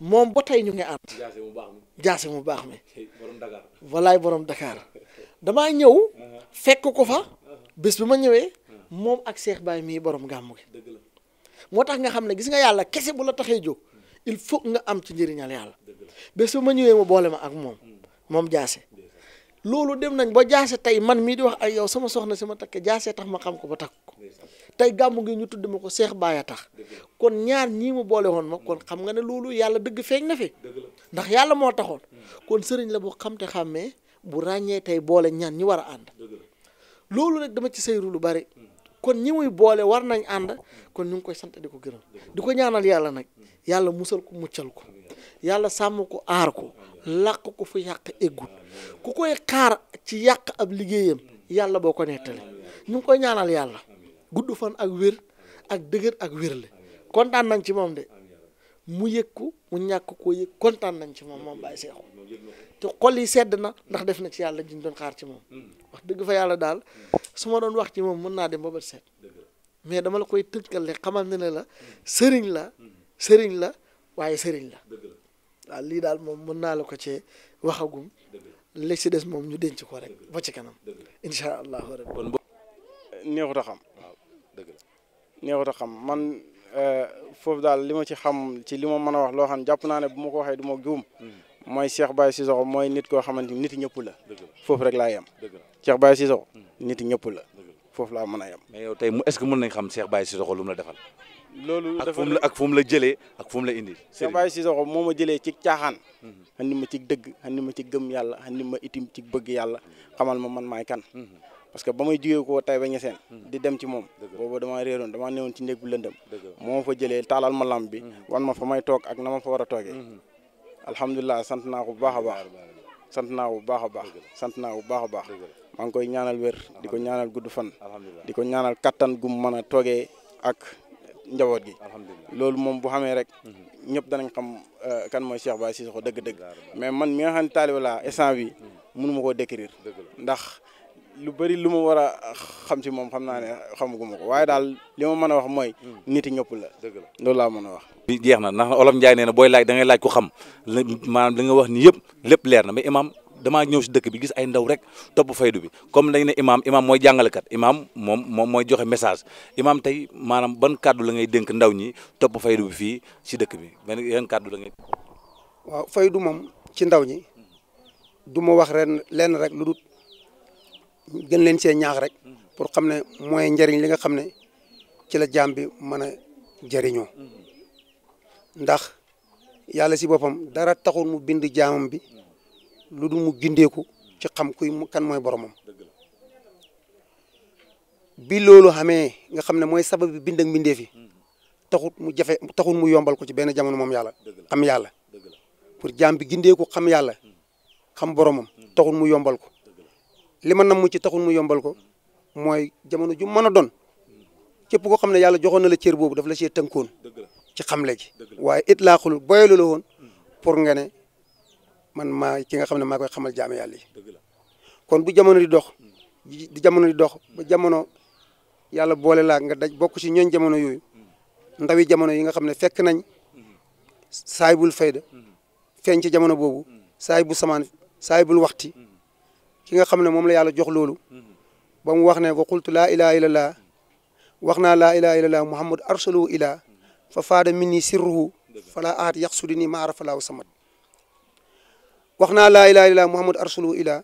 S5: moom ba tey ñu ngi ànd. jaase mu baax mi jaase mu baax mi. borom Dakar. walaay borom damaa ñëw. fekk ko fa. bés bi ma ñëwee. moom ak Cheikh Baye mii borom gàmmu gi. dëgg la moo tax nga xam ne gis nga yàlla kese bu la taxee jóg. il faut nga am ci njëriñal yàlla. bés bi ma ñëwee ma boole ma ak moom. Hmm. moom jaase. loolu dem nañ ba jaase tey man mii di wax ak yow sama soxna si ma takk jaase tax ma xam ko ba takk ko. tey gàmmu ngi ñu tudd ma ko Cheikh a tax kon ñaar ñii mu boole woon ma kon mm. xam nga ne loolu yàlla dëgg feeñ na fi ndax yàlla moo taxoon mm. kon sëriñ la boo xam te xàmmee bu ràññee tey boole ñaan ñi war a ànd loolu nag dama ci sayru lu bari mm. kon ñi muy boole war nañ ànd kon ñu ngi koy sant di ko gërëm di ko ñaanal yàlla nag yàlla musal ko muccal ko yàlla sàmm ko aar ko làq ko fu yàq eggut ku koy xaar ci yàq ab liggéeyam yàlla boo ko nettali ñu ngi koy ñaanal yàlla gudd fan ak wér ak dëgër ak wér la kontaan nañ ci moom de mu yëg ko mu ñàkk ko yëg kontaan nañ ci moom moom Baye Cheikhou te xol yi sedd na ndax def na ci yàlla jiñ doon xaar ci moom wax dëgg fa yàlla daal su ma doon wax ci moom mën naa dem ba bët set mais dama la koy tënkal le xamal ne ne la sëriñ la sëriñ la waaye sëriñ la waaw lii daal moom mën naa la ko cee waxagum li ci des moom ñu denc ko rek ba ci kanam
S2: incha allahu rabi. kon neexut a dëgg la neexut a xam man euh, foofu daal li ma ci xam ci li ma mën a wax loo xam jàpp naa ne bu ma ko waxee du ma juum hmm. mooy Cheikh Baye Cissokho mooy nit koo xamante ni nit ñëpp la foofu rek laa yem Cheikh Baye Cissokho hmm. nit ñëpp la foofu laa mën a yem mais yow tey mu est-ce que mën nañ xam Cheikh Baye Cissokho lu mu la defal loolu ak fu mu la ak
S1: fu mu la jëlee ak fu mu la indi Cheikh Baye
S2: Cissokho moo ma jëlee ci caaxaan xandi hmm. ma ci dëgg xandi ma ci gëm yàlla xandi ma itim ci bëgg yàlla xamal ma man maay kan parce que ba may jugee ko tay ba ñeseen di dem ci moom boobu damaa réeroon damaa newoon ci néeg bu lëndëm moom fa jëlee taalal ma lamp bi hmm. wan ma fa may toog ak na ma fa war a toogee hmm. alhamdulilah sant naa bu baax a baax sant naa bu baax a baax sant naa bu baax a baax maa ngi koy ñaanal wér di ko ñaanal gudd fan di ko ñaanal kattan gum mën a toogee ak njaboot gi loolu moom bu xamee rek hmm. ñëpp danañ xam euh, kan mooy baa si Cissokho dëgg-dëgg mais man mi nga xam ne taaliba laa instant bi mënu ma koo décrire ndax lu bëri lu ma war a xam ci moom xam naa ne xamaguma ko waaye daal li ma a wax mooy. Hmm. nit ñëpp la dëgg la loolu laa mën a wax.
S1: bi jeex na ndax olof Ndiaye nee na booy laaj da ngay laaj ko xam maanaam li nga wax ni yëpp lépp leer na mais imaam damaa ñëw si dëkk bi gis ay ndaw rek topp faydu bi comme dañ ne imaam imaam mooy jàngalekat imaam moom moom mooy joxe message imaam tey maanaam ban kàddu la ngay dénk ndaw ñi topp faydu bi fii si dëkk bi ban yan kàddu la ngay.
S3: waaw faydu moom ci ndaw ñi du wax rek lu dul gën leen see ñaax rek pour xam ne mooy njariñ li nga xam ne ci la jaam bi mën a jëriñoo ndax yàlla si boppam dara taxul mu bind jaamam bi lu du mu gindeeku ci xam kuy kan mooy boromam bi loolu xamee nga xam ne mooy sabab bi bind bindee fi yi taxut mu jafe taxul mu yombal ko ci benn jamono moom yàlla xam yàlla pour jaam bi gindeeku xam yàlla xam boromam taxul mu yombal ko li ma namm ci taxul mu yombal ko mooy jamono ju mën a doon képp koo xam ne yàlla joxoon na la cër boobu daf la cee tënkoon ci xam ji waaye it laa xul boyalu la woon pour nga ne man maa ki nga xam ne maa koy xamal jaam yàlla yi kon bu jamono di dox di jamono di dox ba jamono yàlla boole laa nga daj bokk si ñooñ jamono yooyu ndawi jamono yi nga xam ne fekk nañ saay bul fayda feeñ ci jamono boobu saay bu samaan saay bul waxti ki nga xam ne moom la yàlla jox loolu ba mu wax ne wa qultu laa ilaha illallah wax naa laa ilaha illallah muhammad arsalu ila fa faada min ni sirruhu fala ahat yaqsudi ni maarafalaaw samat wax naa laa ilaha illallah muhammad arsalu ila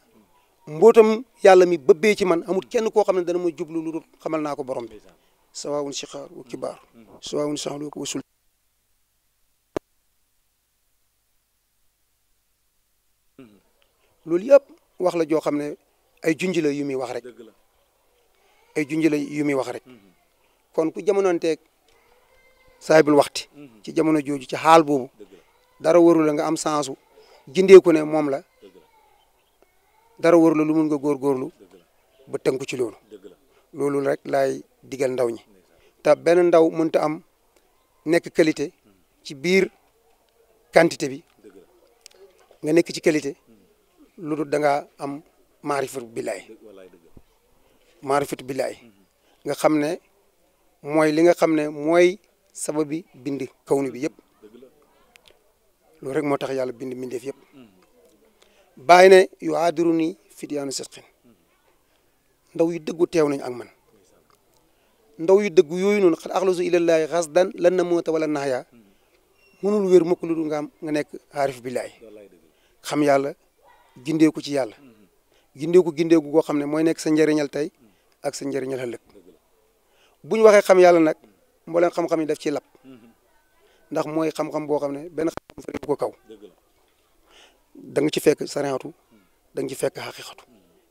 S3: mbootam yàlla mi bëbbee ci man amul kenn koo xam ne dana ma jublu lu dul xamal naa ko borom bi sawaawun sixaar wa kibaar sawaawun saxlu wa sul loolu yëpp wax la joo xam ne ay junj la yu muy wax rek ay junj la yu muy wax rek mhm. kon ku jamonoonteeg saahibul waxti mhm. ci jamono jooju ci xaal boobu dara waru la nga am sensu jindeeku ne moom la dara waru la lu mun nga góorgóorlu ba tënku ci loolu loolu rek laay digal ndaw ñi te benn ndaw mënta am nekk qualité mhm. ci biir quantité bi nga nekk ci qualité lu dul da ngaa am maarifatu billaay maarifatu billaay nga xam ne mooy li nga xam ne mooy sababi bind kawnu bi yëpp loolu rek moo tax yàlla bind mbindeef yëpp bàyyi ne yu aadiru nii fitiyaanu sitqin ndaw yi dëggu teew nañu ak man ndaw yu dëggu yooyu noonu xat axlasu ilallaahi xasdan lan na moota wala naxya mënul wér mukk lu dul nga am nga nekk aarif billaay xam yàlla gindeeku ci yàlla gindeeku gindeeku goo xam ne mooy nekk sa njëriñal tey ak sa njëriñal ëllëg bu ñu waxee xam yàlla nag mbooleem xam-xam yi daf ci lab ndax mooy xam-xam boo xam ne benn xam-xam fariwu kaw da ci fekk sariatu da nga ci fekk xaqiqatu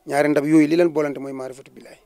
S3: ñaari ndab yooyu li leen boolante mooy maarifatu billahi